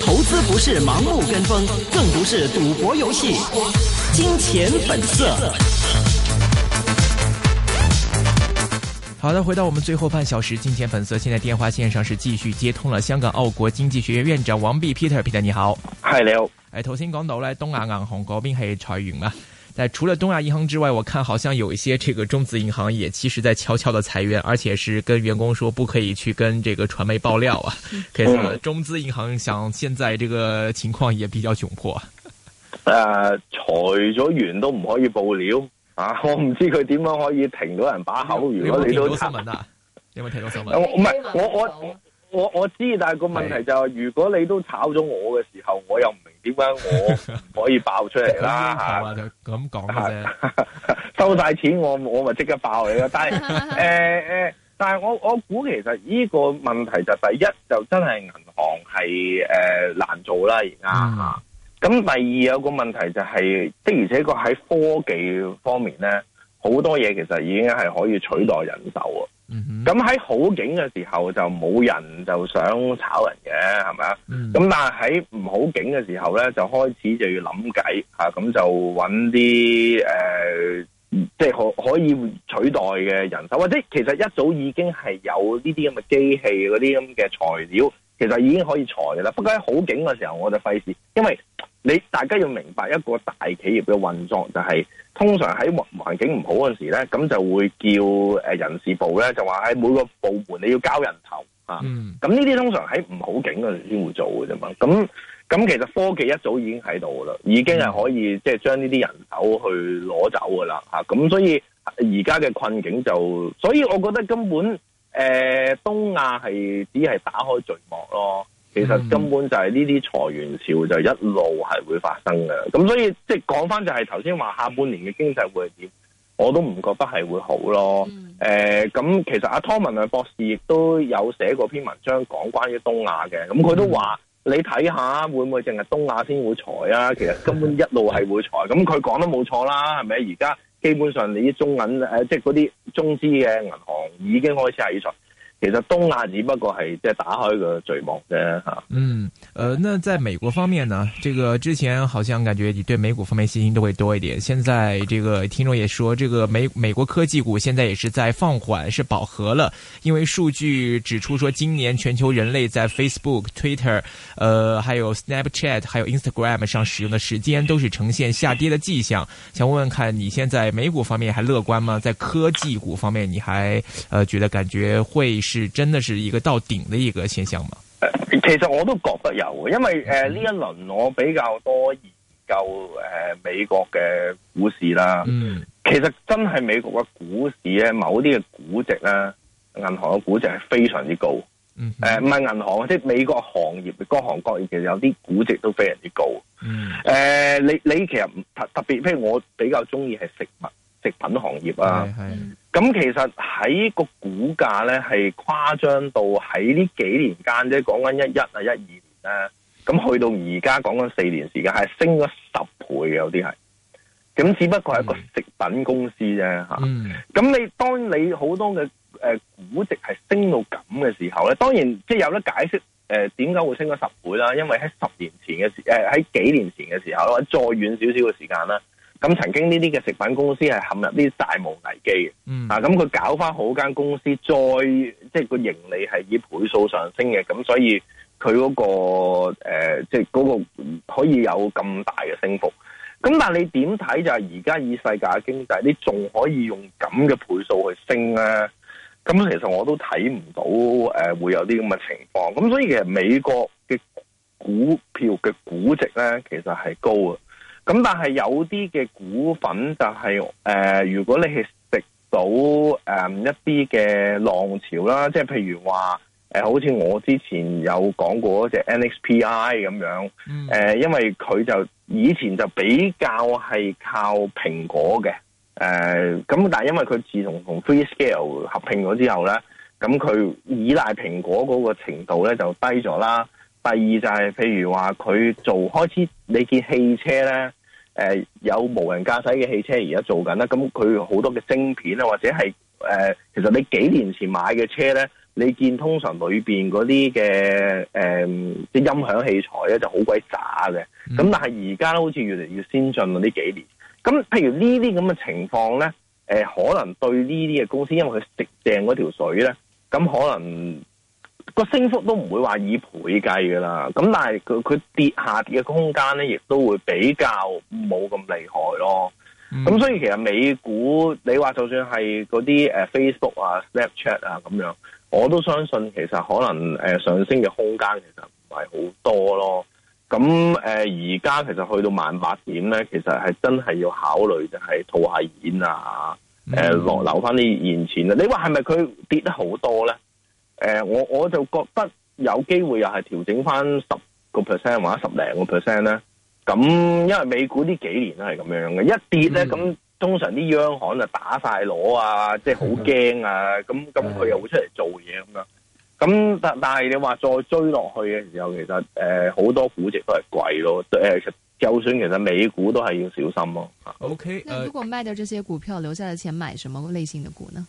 投資不是盲目跟風，更不是賭博遊戲。金錢粉色。好的，回到我們最後半小時，金錢粉色。現在電話線上是繼續接通了香港澳國經濟學院院長王弼 Peter，Peter，你好。嗨、哎，你好。誒，頭先講到咧，東亞銀行嗰邊係裁員啦。但除了東亞銀行之外，我看好像有一些這個中資銀行也其實在悄悄的裁員，而且是跟員工說不可以去跟這個傳媒爆料啊。可以，中資銀行想現在這個情況也比較窘迫、啊哦。誒、啊，裁咗員都唔可以爆料啊！我唔知佢點樣可以停到人把口。你如果你都炒，你有冇聽到新聞啊，有冇聽到新聞我我我我我，我，我知，但係個問題就係、是，是如果你都炒咗我嘅時候，我又唔明。點解 我可以爆出嚟啦？吓，咁講啫，收晒錢我我咪即刻爆你咯、 呃。但係誒誒，但係我我估其實呢個問題就是第一就真係銀行係誒、呃、難做啦。而家吓，咁、嗯、第二有個問題就係、是、的而且確喺科技方面咧，好多嘢其實已經係可以取代人手啊。咁喺、嗯、好景嘅時候就冇人就想炒人嘅係咪啊？咁、嗯、哼但係喺唔好景嘅時候咧，就開始就要諗計吓，咁、啊、就揾啲誒，即係可可以取代嘅人手，或者其實一早已經係有呢啲咁嘅機器嗰啲咁嘅材料，其實已經可以裁嘅啦。不過喺好景嘅時候我就費事，因為。你大家要明白一個大企業嘅運作，就係、是、通常喺環環境唔好嗰時咧，咁就會叫誒人事部咧就話喺每個部門你要交人頭、嗯、啊，咁呢啲通常喺唔好景嗰時先會做嘅啫嘛。咁、啊、咁、啊啊啊、其實科技一早已經喺度噶啦，已經係可以即係將呢啲人手去攞走噶啦吓。咁、啊啊、所以而家嘅困境就，所以我覺得根本誒、呃、東亞係只係打開序幕咯。嗯、其實根本就係呢啲裁員潮就一路係會發生嘅，咁所以即係講翻就係頭先話下半年嘅經濟會點，我都唔覺得係會好咯。誒、嗯、咁、呃、其實阿湯文亮博士亦都有寫過篇文章講關於東亞嘅，咁佢都話、嗯、你睇下會唔會淨係東亞先會裁啊？其實根本一路係會裁，咁佢講得冇錯啦，係咪？而家基本上你啲中銀誒，即係嗰啲中資嘅銀行已經開始係其實東亞只不過係打開個序幕啫。嗯、呃，那在美國方面呢？這個之前好像感覺你對美股方面信心都會多一點。現在這個聽眾也說，這個美美國科技股現在也是在放緩，是飽和了，因為數據指出說，今年全球人類在 Facebook、Twitter，呃，還有 Snapchat，還有 Instagram 上使用的時間都是呈現下跌的迹象。想問問看你現在美股方面還樂觀嗎？在科技股方面，你還誒、呃、覺得感覺會？是真的是一個到頂的一個現象嗎？其實我都覺得有，因為誒呢、嗯哼呃、一輪我比較多研究誒、呃、美國嘅股市啦。嗯、其實真係美國嘅股市咧，某啲嘅估值咧，銀行嘅估值係非常之高。誒唔係銀行，即係美國行業各行各業其實有啲估值都非常之高。誒、嗯呃、你你其實特特別譬如我比較中意係食物食品行業啊。咁其實喺個股價咧係誇張到喺呢幾年間啫，講緊一一啊一,一二年咧，咁去到而家講緊四年時間係升咗十倍嘅，有啲係。咁只不過係一個食品公司啫，吓、嗯。咁你當你好多嘅誒估值係升到咁嘅時候咧，當然即係有得解釋。誒，點解會升咗十倍啦？因為喺十年前嘅時，誒喺幾年前嘅時候，再遠少少嘅時間啦。咁曾經呢啲嘅食品公司係陷入啲債務危機嘅，嗯、啊咁佢搞翻好間公司，再即係個盈利係以倍數上升嘅，咁所以佢嗰、那個即係嗰個可以有咁大嘅升幅。咁但係你點睇就係而家以世界經濟，你仲可以用咁嘅倍數去升咧？咁其實我都睇唔到誒、呃、會有啲咁嘅情況。咁所以其實美國嘅股票嘅估值咧，其實係高啊。咁但係有啲嘅股份就係、是、誒、呃，如果你係食到誒、呃、一啲嘅浪潮啦，即係譬如話、呃、好似我之前有講過嗰隻 NXPI 咁樣，誒、呃，因為佢就以前就比較係靠蘋果嘅，誒、呃，咁但係因為佢自從同 FreeScale 合併咗之後咧，咁佢依賴蘋果嗰個程度咧就低咗啦。第二就係譬如話佢做開始，你見汽車咧。誒、呃、有無人駕駛嘅汽車而家做緊啦，咁佢好多嘅晶片咧，或者係誒、呃，其實你幾年前買嘅車咧，你見通常裏面嗰啲嘅誒啲音響器材咧就、嗯、好鬼渣嘅，咁但係而家好似越嚟越先進啊！呢幾年，咁譬如呢啲咁嘅情況咧、呃，可能對呢啲嘅公司，因為佢食淨嗰條水咧，咁可能。個升幅都唔會話以倍計噶啦，咁但係佢佢跌下跌嘅空間咧，亦都會比較冇咁厲害咯。咁、嗯、所以其實美股，你話就算係嗰啲誒 Facebook 啊、Snapchat 啊咁樣，我都相信其實可能誒上升嘅空間其實唔係好多咯。咁誒而家其實去到萬八點咧，其實係真係要考慮就係套下現啊，誒落留翻啲現錢啊。你話係咪佢跌得好多咧？誒、呃，我我就覺得有機會又係調整翻十個 percent 或者十零個 percent 咧。咁因為美股呢幾年都係咁樣嘅，一跌咧咁、嗯、通常啲央行就打晒鑼啊，即係好驚啊。咁咁佢又會出嚟做嘢咁樣。咁但但係你話再追落去嘅時候，其實誒好、呃、多估值都係貴咯。誒、呃，就算其實美股都係要小心咯，啊。OK, uh, 如果賣掉這些股票，留下的錢買什麼類型的股呢？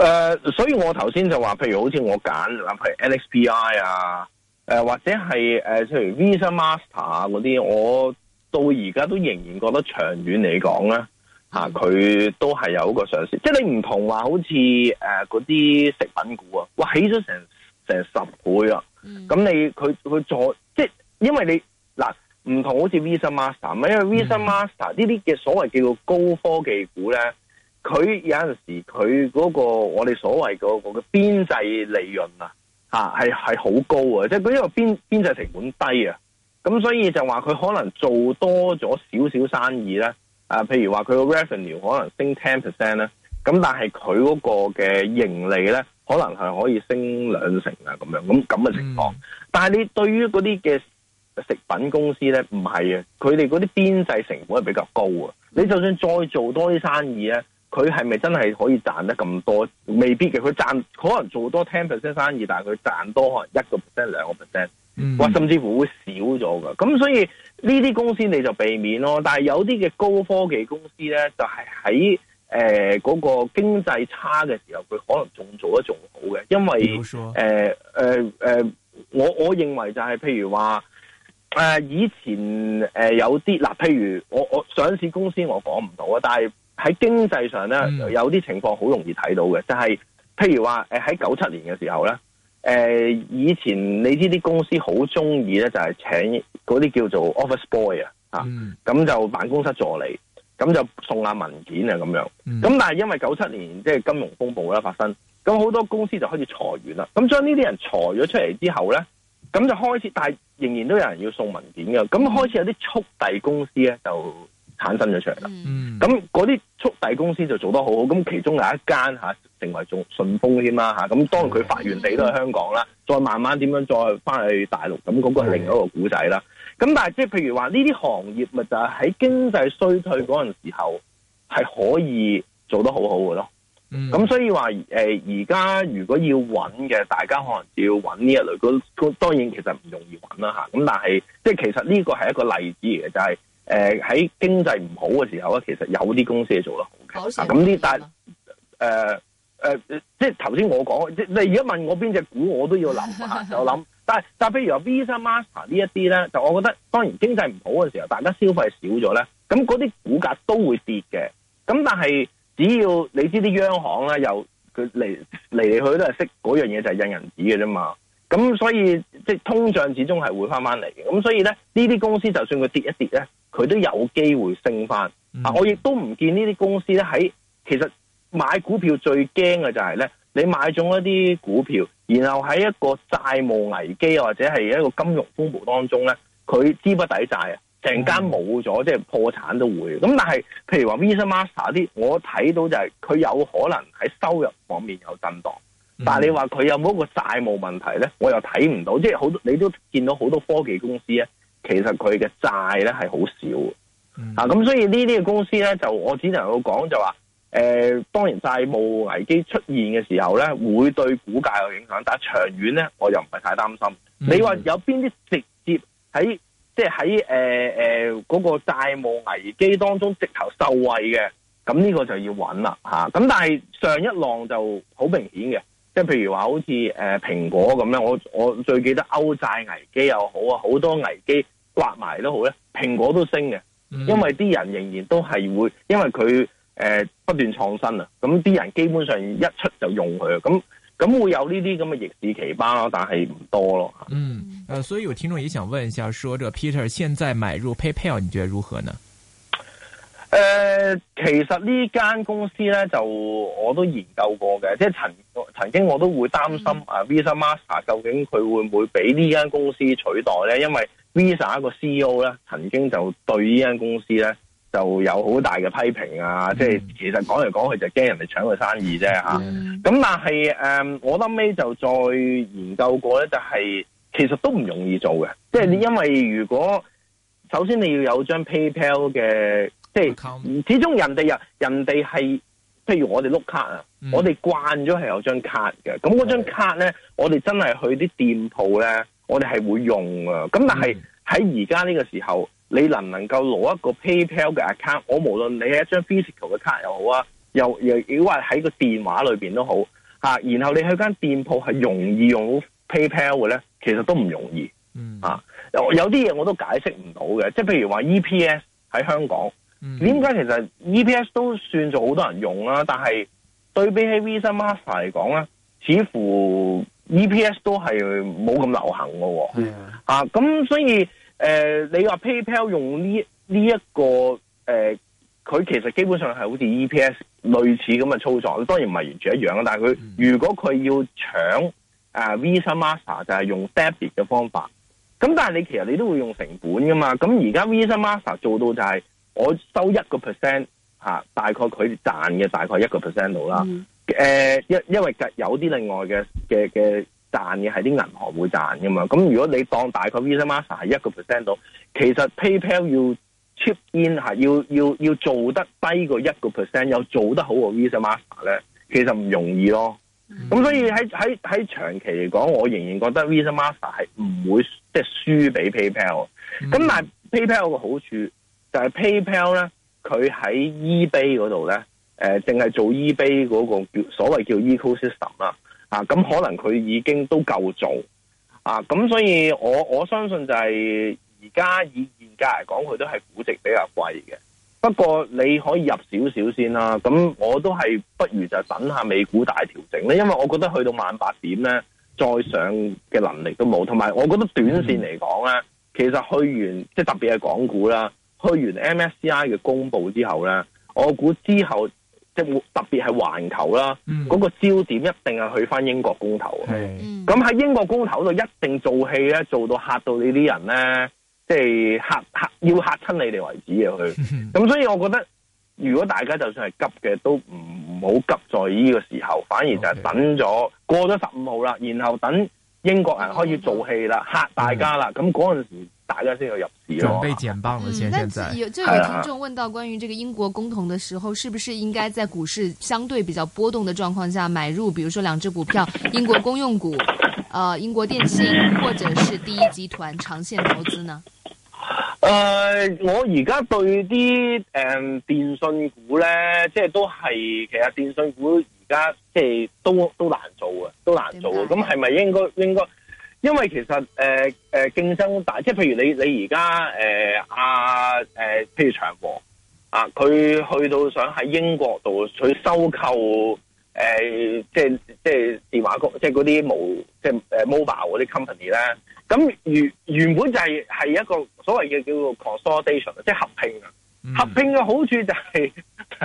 誒、呃，所以我頭先就話，譬如好似我揀，嗱，譬如 NXPI 啊，誒、呃，或者係誒、呃，譬如 Visa Master 啊嗰啲，我到而家都仍然覺得長遠嚟講咧，吓、啊、佢都係有一個上市。即係你唔同話，好似誒嗰啲食品股啊，哇，起咗成成十倍啊，咁、嗯、你佢佢在，即係因為你嗱，唔同好似 Visa Master，因為 Visa Master 呢啲嘅所謂叫做高科技股咧。佢有陣時佢嗰個我哋所謂嗰個嘅邊際利潤啊，吓係係好高啊！即係佢因為邊邊際成本低啊，咁所以就話佢可能做多咗少少生意咧，啊，譬如話佢個 revenue 可能升 ten percent 咧，咁但係佢嗰個嘅盈利咧，可能係可以升兩成啊咁樣咁咁嘅情況。嗯、但係你對於嗰啲嘅食品公司咧，唔係啊，佢哋嗰啲邊際成本係比較高啊，你就算再做多啲生意咧。佢係咪真係可以賺得咁多？未必嘅，佢賺可能做多 ten percent 生意，但係佢賺多可能一個 percent 兩個 percent，哇！嗯、甚至乎會少咗噶。咁所以呢啲公司你就避免咯。但係有啲嘅高科技公司咧，就係喺誒嗰個經濟差嘅時候，佢可能仲做得仲好嘅，因為誒誒誒，我我認為就係譬如話誒、呃、以前誒、呃、有啲嗱、呃，譬如我我上市公司我講唔到啊，但係。喺經濟上咧，有啲情況好容易睇到嘅。嗯、就係、是、譬如話，喺九七年嘅時候咧、呃，以前你知啲公司好中意咧，就係請嗰啲叫做 office boy 啊，嚇、嗯，咁就辦公室助理，咁就送下文件啊咁樣。咁、嗯、但係因為九七年即係、就是、金融風暴啦發生，咁好多公司就開始裁員啦。咁將呢啲人裁咗出嚟之後咧，咁就開始，但係仍然都有人要送文件嘅。咁開始有啲速遞公司咧就。產生咗出嚟啦，咁嗰啲速遞公司就做得好好，咁其中有一間吓、啊、成為做順豐添啦嚇，咁、啊啊啊、當然佢發源地都係香港啦，嗯、再慢慢點樣再翻去大陸，咁嗰、嗯、個係另一個故仔啦。咁、嗯、但係即係譬如話呢啲行業咪就係喺經濟衰退嗰陣時候係可以做得好好嘅咯。咁、嗯、所以話誒，而、呃、家如果要揾嘅，大家可能就要揾呢一類，嗰當然其實唔容易揾啦嚇。咁、啊、但係即係其實呢個係一個例子嚟嘅，就係、是。誒喺、呃、經濟唔好嘅時候咧，其實有啲公司係做得好嘅。咁啲但誒誒，即係頭先我講，即你而家問我邊隻股，我都要諗下， 就諗。但係但譬如話 Visa、Master 這些呢一啲咧，就我覺得當然經濟唔好嘅時候，大家消費少咗咧，咁嗰啲股價都會跌嘅。咁但係，只要你知啲央行咧、啊，又佢嚟嚟嚟去都係識嗰樣嘢，就係印銀紙嘅啫嘛。咁所以即係通脹始終係會翻翻嚟嘅，咁所以咧，呢啲公司就算佢跌一跌咧，佢都有機會升翻。啊、嗯，我亦都唔見呢啲公司咧，喺其實買股票最驚嘅就係咧，你買中一啲股票，然後喺一個債務危機或者係一個金融風暴當中咧，佢資不抵債啊，成間冇咗，嗯、即係破產都會。咁但係譬如話 Visa Master 啲，我睇到就係佢有可能喺收入方面有震盪。但係你話佢有冇一個債務問題咧？我又睇唔到，即係好多你都見到好多科技公司咧，其實佢嘅債咧係好少咁、嗯啊、所以呢啲嘅公司咧，就我只能夠講就話，誒、呃、當然債務危機出現嘅時候咧，會對股價有影響。但係長遠咧，我又唔係太擔心。嗯、你話有邊啲直接喺即係喺誒嗰個債務危機當中直頭受惠嘅，咁呢個就要揾啦嚇。咁、啊、但係上一浪就好明顯嘅。即係譬如話好似誒蘋果咁樣，我我最記得歐債危機又好啊，好多危機刮埋都好咧，蘋果都升嘅，因為啲人仍然都係會，因為佢誒不斷創新啊，咁啲人基本上一出就用佢啊，咁咁會有呢啲咁嘅逆市奇葩咯，但係唔多咯。嗯，誒，所以有聽眾也想問一下，說這 Peter 現在買入 PayPal，你覺得如何呢？誒、呃，其實呢間公司咧，就我都研究過嘅，即係曾曾經我都會擔心啊、mm.，Visa Master 究竟佢會唔會俾呢間公司取代咧？因為 Visa 一個 C E O 咧，曾經就對呢間公司咧就有好大嘅批評啊！Mm. 即係其實講嚟講去佢就驚人哋搶佢生意啫吓。咁 Yeah.、啊、但係誒、呃，我後屘就再研究過咧，就係、是、其實都唔容易做嘅，mm. 即係因為如果首先你要有張 PayPal 嘅。即係始終人哋人人哋係，譬如我哋碌卡啊，嗯、我哋慣咗係有張卡嘅。咁嗰張卡咧、嗯，我哋真係去啲店鋪咧，我哋係會用啊。咁但係喺而家呢個時候，你能唔能夠攞一個 PayPal 嘅 account，我無論你係一張 physical 嘅卡又好啊，又又如果話喺個電話裏邊都好吓、啊，然後你去間店鋪係容易用 PayPal 嘅咧，其實都唔容易。啊、嗯有啲嘢我都解釋唔到嘅，即係譬如話 EPS 喺香港。點解、嗯、其實 E P S 都算做好多人用啦，但係對比起 Visa Master 嚟講咧，似乎 E P S 都係冇咁流行噶喎。吓咁、嗯啊、所以誒、呃，你話 PayPal 用呢呢一個誒，佢、呃、其實基本上係好似 E P S 類似咁嘅操作，當然唔係完全一樣啦。但係佢、嗯、如果佢要搶誒、呃、Visa Master 就係用 debit 嘅方法，咁但係你其實你都會用成本噶嘛。咁而家 Visa Master 做到就係、是。我收一個 percent 嚇，大概佢賺嘅大概一個 percent 到啦。誒，因、嗯呃、因為有啲另外嘅嘅嘅賺嘅係啲銀行會賺㗎嘛。咁如果你當大概 Visa Master 係一個 percent 到，其實 PayPal 要 cheap in 係要要要做得低過一個 percent，又做得好過 Visa Master 咧，其實唔容易咯。咁、嗯、所以喺喺喺長期嚟講，我仍然覺得 Visa Master 係唔會即係、就是、輸俾 PayPal、嗯。咁但 PayPal 個好處。就係 PayPal 咧，佢喺 eBay 嗰度咧，誒淨係做 eBay 嗰個叫所謂叫 ecosystem 啦，啊咁可能佢已經都夠做。啊咁所以我我相信就係而家以現價嚟講，佢都係估值比較貴嘅。不過你可以入少少先啦，咁我都係不如就等下美股大調整咧，因為我覺得去到萬八點咧，再上嘅能力都冇，同埋我覺得短線嚟講咧，其實去完即係特別係港股啦。去完 MSCI 嘅公布之後咧，我估之後即係特別係環球啦，嗰、嗯、個焦點一定係去翻英國公投。咁喺是英國公投度一定做戲咧，做到嚇到你啲人咧，即係嚇嚇要嚇親你哋為止嘅佢。咁 所以我覺得，如果大家就算係急嘅，都唔好急在呢個時候，反而就係等咗 Okay. 過咗十五號啦，然後等英國人開始做戲啦，嗯、嚇大家啦，咁嗰陣時候。大家先有準備減磅。目前、嗯、有就有聽眾問到關於這個英國公投的時候，是不是應該在股市相對比較波動的狀況下買入？比如說兩隻股票，英國公用股，呃，英國電信，或者是第一集團，長線投資呢？呃，我而家對啲誒、呃、電信股咧，即係都係，其實電信股而家即係都都難做啊，都難做啊。咁係咪應該應該？應該因為其實誒誒、呃呃、競爭大，即係譬如你你而家誒阿誒譬如長和啊，佢去到想喺英國度去收購誒、呃、即係即係電話局，即係嗰啲冇即係誒 mobile 嗰啲 company 呢。咁原原本就係、是、係一個所謂嘅叫做 consolidation 即係合併啊。合併嘅好處就係、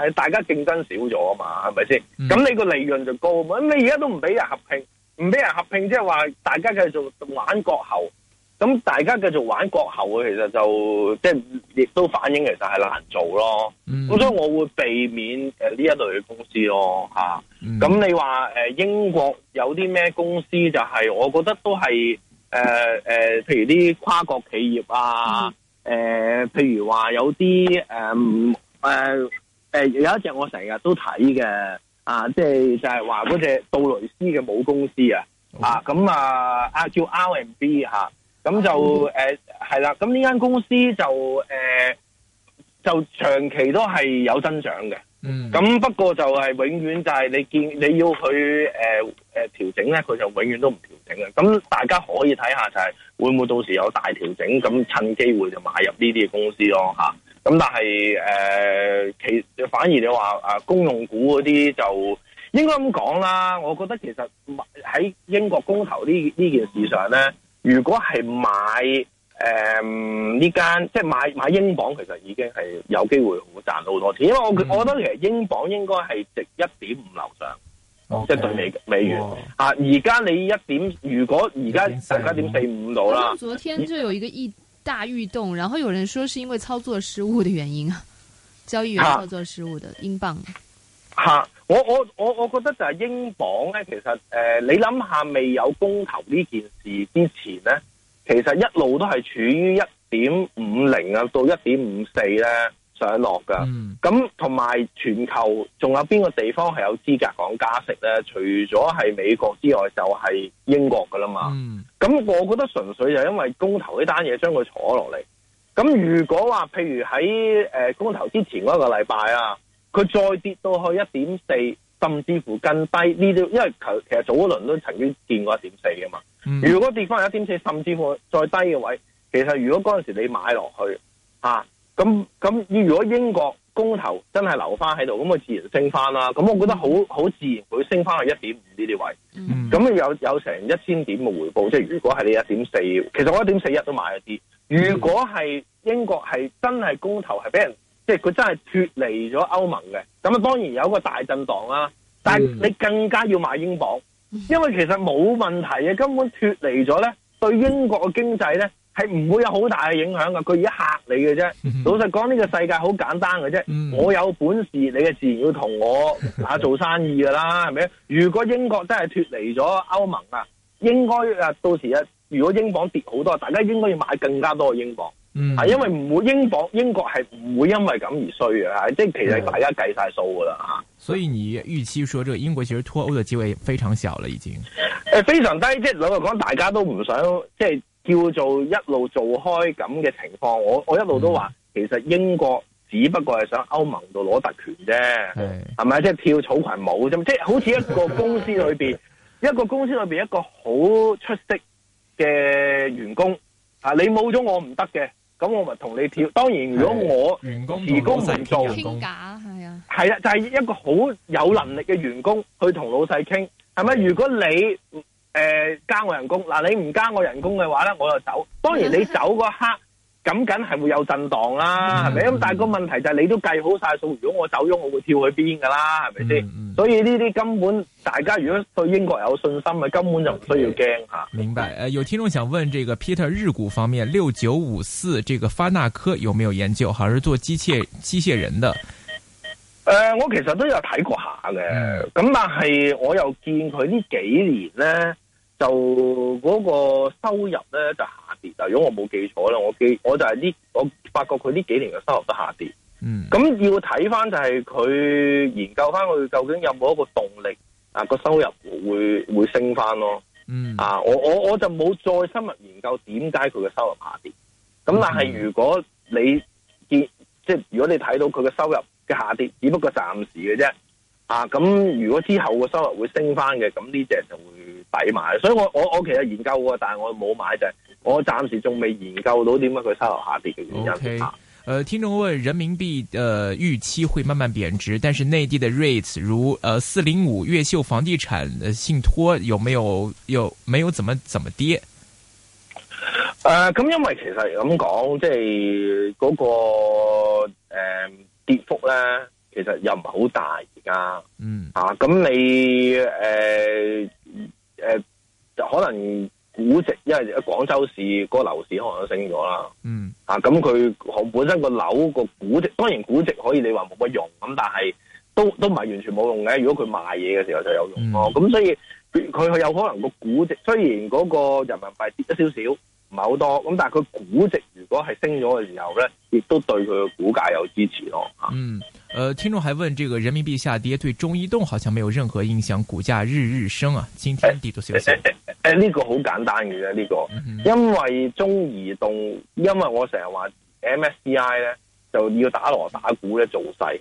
是、大家競爭少咗啊嘛，係咪先？咁、嗯、你個利潤就高嘛。咁你而家都唔俾人合併。唔俾人合併，即係話大家繼續玩國後，咁大家繼續玩國後嘅，其實就即係亦都反映，其實係難做咯。咁、mm. 所以我會避免誒呢、呃、一類嘅公司咯，吓、啊。咁、mm. 你話誒、呃、英國有啲咩公司就係、是，我覺得都係誒誒，譬如啲跨國企業啊，誒、mm. 呃，譬如話有啲誒誒誒，有一隻我成日都睇嘅。啊，即係就係話嗰隻杜蕾斯嘅母公司啊，Okay. 啊咁啊叫 R&B, 啊叫 R&B 吓，咁就誒係啦，咁呢間公司就誒、呃、就長期都係有增長嘅，咁、mm. 不過就係永遠就係你見你要佢誒誒調整咧，佢就永遠都唔調整嘅，咁大家可以睇下就係會唔會到時有大調整，咁趁機會就買入呢啲公司咯、啊、吓。啊咁、嗯、但係誒、呃，其反而你話啊、呃、公用股嗰啲就應該咁講啦。我覺得其實喺英國公投呢呢件事上咧，如果係買誒呢間，即係買買英鎊，其實已經係有機會賺到好多錢，嗯、因為我覺得其實英鎊應該係值一點五樓上，即係 Okay, 對美美元哇啊。而家你一點，如果而家大家點四五度啦。大預動，然後有人說係因為操作失誤的原因啊，交易員操作失誤的英鎊。嚇、啊啊！我我我我覺得就係英鎊咧，其實誒、呃，你諗下未有公投呢件事之前咧，其實一路都係處於一點五零啊到一點五四咧。上落噶，咁同埋全球仲有邊個地方係有資格講加息咧？除咗係美國之外，就係、是、英國噶啦嘛。咁、嗯、我覺得純粹就因為公投呢單嘢將佢坐落嚟。咁如果話，譬如喺誒、呃、公投之前嗰個禮拜啊，佢再跌到去一點四，甚至乎更低呢啲，因為其其實早一輪都曾經見過一點四噶嘛。嗯、如果跌翻去一點四，甚至乎再低嘅位，其實如果嗰陣時你買落去，吓、啊。咁咁，如果英國公投真係留翻喺度，咁啊自然升翻啦。咁我覺得好好自然會升翻去一點五呢啲位。咁啊，嗯，有有成一千點嘅回報。即係如果係你一點四，其實我一點四一都買一啲。如果係英國係真係公投係俾人，即係佢真係脱離咗歐盟嘅，咁啊當然有個大震盪啦。但係你更加要買英鎊，因為其實冇問題嘅，根本脱離咗咧，對英國嘅經濟咧。係唔會有好大嘅影響噶？佢而家嚇你嘅啫。老實講，呢、這個世界好簡單嘅啫。嗯、我有本事，你嘅自然要同我啊做生意噶啦，係咪？如果英國真係脫離咗歐盟啊，應該啊，到時啊，如果英鎊跌好多，大家應該要買更加多嘅英鎊。嗯，因為唔會英鎊，英國係唔會因為咁而衰嘅。即係其實大家計晒數噶啦。吓、嗯，所以你預期說，這個英國其實脫歐嘅機會非常小啦，已經誒、呃，非常低。即係老實講，大家都唔想即係。就是叫做一路做開咁嘅情況，我我一路都話，其實英國只不過係想歐盟度攞特權啫，係咪？是是 即係跳草裙舞啫？即係好似一個公司裏邊 一個公司裏邊一個好出色嘅員工啊！你冇咗我唔得嘅，咁我咪同你跳。當然，如果我員工唔做，係啊，係啊，就係、係、一個好有能力嘅員工去同老細傾，係咪？如果你誒、呃，加我人工嗱、啊，你唔加我人工嘅話咧，我就走。當然你走嗰刻咁梗係會有震盪啦，係咪、嗯？咁、嗯、但係個問題就係你都計好晒數，如果我走咗，我會跳去邊㗎啦，係咪先？嗯嗯、所以呢啲根本大家如果對英國有信心根本就唔需要驚吓。明白誒、呃，有聽眾想問這個 Peter 日股方面六九五四這個發那科有沒有研究？好似做機械機械人的。誒、呃，我其實都有睇過一下嘅，咁、呃、但係我又見佢呢幾年咧。就嗰個收入咧就下跌，就如果我冇記錯啦，我記我就係呢，我發覺佢呢幾年嘅收入都下跌。嗯，咁要睇翻就係佢研究翻佢究竟有冇一個動力啊，個收入會會升翻咯。嗯啊，我我我就冇再深入研究點解佢嘅收入下跌。咁但係如果你見、嗯、即係如果你睇到佢嘅收入嘅下跌，只不過暫時嘅啫。啊，咁如果之後個收入會升翻嘅，咁呢隻就會。抵買，所以我我我其實研究過，但係我冇買就係，我暫時仲未研究到點解佢收入下跌嘅原因。誒、okay. 呃，聽眾問人民幣誒預期會慢慢貶值，但是內地的 rates 如誒四零五越秀房地產信託有沒有有沒有怎麼怎麼跌？誒、呃，咁因為其實咁講，即係嗰個誒、呃、跌幅咧，其實又唔係好大而家，嗯啊，咁你誒。呃誒、呃，就可能估值，因為廣州市個樓市可能都升咗啦。嗯，啊，咁佢本身個樓個估值，當然估值可以你話冇乜用，咁但係都都唔係完全冇用嘅。如果佢賣嘢嘅時候就有用咯。咁、嗯啊、所以佢佢有可能個估值，雖然嗰個人民幣跌咗少少，唔係好多，咁、嗯、但係佢估值如果係升咗嘅時候咧，亦都對佢嘅股價有支持咯。啊、嗯。誒、呃，聽眾還問，這個人民幣下跌對中移動好像沒有任何影響，股價日日升啊！今天地圖休息，誒呢個好簡單嘅啫，呢、這個，嗯、哼因為中移動，因為我成日話 MSCI 咧就要打鑼打鼓咧做勢，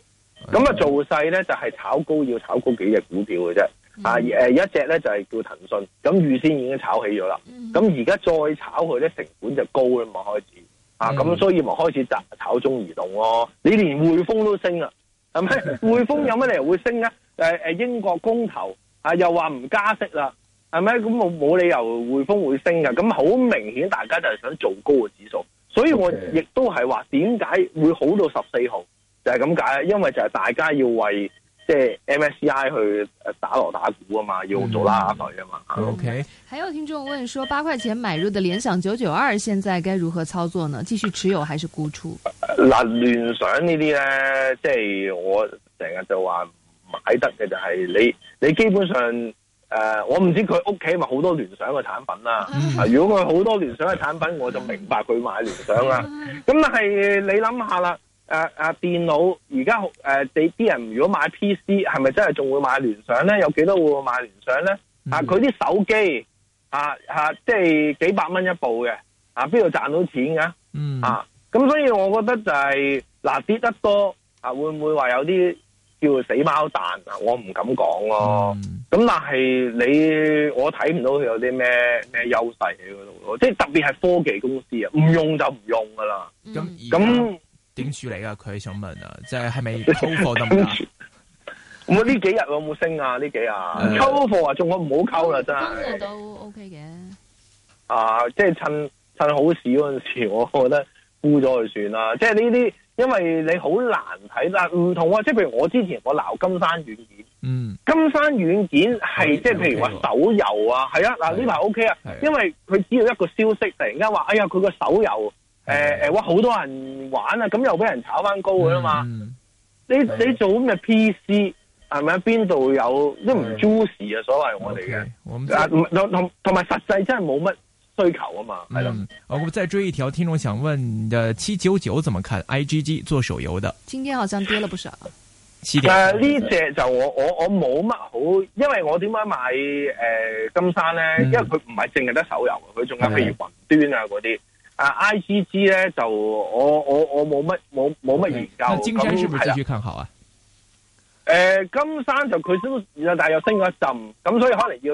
咁啊、嗯、哼做勢咧就係、是、炒高要炒高幾隻股票嘅啫，嗯、啊誒一隻咧就係叫騰訊，咁預先已經炒起咗啦，咁而家再炒佢咧成本就高啦嘛開始。啊，咁所以咪開始砸炒中移動咯，你連匯豐都升啦，係咪？匯豐 有乜理由會升咧？誒誒，英國公投啊，又話唔加息啦，係咪？咁我冇理由匯豐會升噶，咁好明顯大家就係想做高個指數，所以我亦都係話點解會好到十四號就係咁解，因為就係大家要為。即係 MSCI 去打鑼打鼓啊嘛，要做啦隊啊嘛。OK、嗯。嗯、還有聽眾問說，八塊錢買入嘅聯想九九二，現在該如何操作呢？繼續持有還是沽出？嗱、啊，聯想呢啲咧，即係我成日就話買得嘅就係你，你基本上誒、呃，我唔知佢屋企咪好多聯想嘅產品啦、啊。嗯、如果佢好多聯想嘅產品，我就明白佢買聯想啦。咁但係你諗下啦。誒誒、啊啊，電腦而、啊、家誒，你啲人如果買 PC，係咪真係仲會買聯想咧？有幾多會買聯想咧、嗯啊？啊，佢啲手機啊即係幾百蚊一部嘅，啊，邊度賺到錢噶？嗯、啊，咁所以我覺得就係、是、嗱、啊、跌得多啊，會唔會話有啲叫做死貓彈啊？我唔敢講咯。咁、嗯、但係你我睇唔到佢有啲咩咩優勢喺嗰度咯。即係、就是、特別係科技公司啊，唔用就唔用噶啦。咁咁、嗯。嗯點處理啊？佢想問啊，即係係咪溝貨咁啊？我呢 幾日有冇升啊？呢幾日？溝貨、嗯、啊，仲我唔好溝啦，真係都 OK 嘅。啊，即係趁趁好市嗰陣時候，我覺得沽咗佢算啦。即係呢啲，因為你好難睇啦。唔同啊，即係譬如我之前我鬧金山軟件，嗯，金山軟件係、嗯、即係譬如話手遊啊，係的的啊，嗱呢排 OK 啊，因為佢只要一個消息突然間話，哎呀，佢個手遊。誒誒，哇！好多人玩啊，咁又俾人炒翻高啊嘛。你你做咁嘅 PC 係咪？邊度有都唔 juice 啊？所謂我哋嘅，同同同埋實際真係冇乜需求啊嘛。係咯。我再追一條聽眾想問嘅七九九，怎麼看 IGG 做手遊嘅？今天好像跌了不少。七點。誒，呢隻就我我我冇乜好，因為我點解買誒金山咧？因為佢唔係淨係得手遊，佢仲有譬如雲端啊嗰啲。啊，I C G 咧就我我我冇乜冇冇乜研究咁樣、okay。係咪繼續看好啊？誒、嗯呃，金山就佢都啊，但係又升咗一浸，咁所以可能要。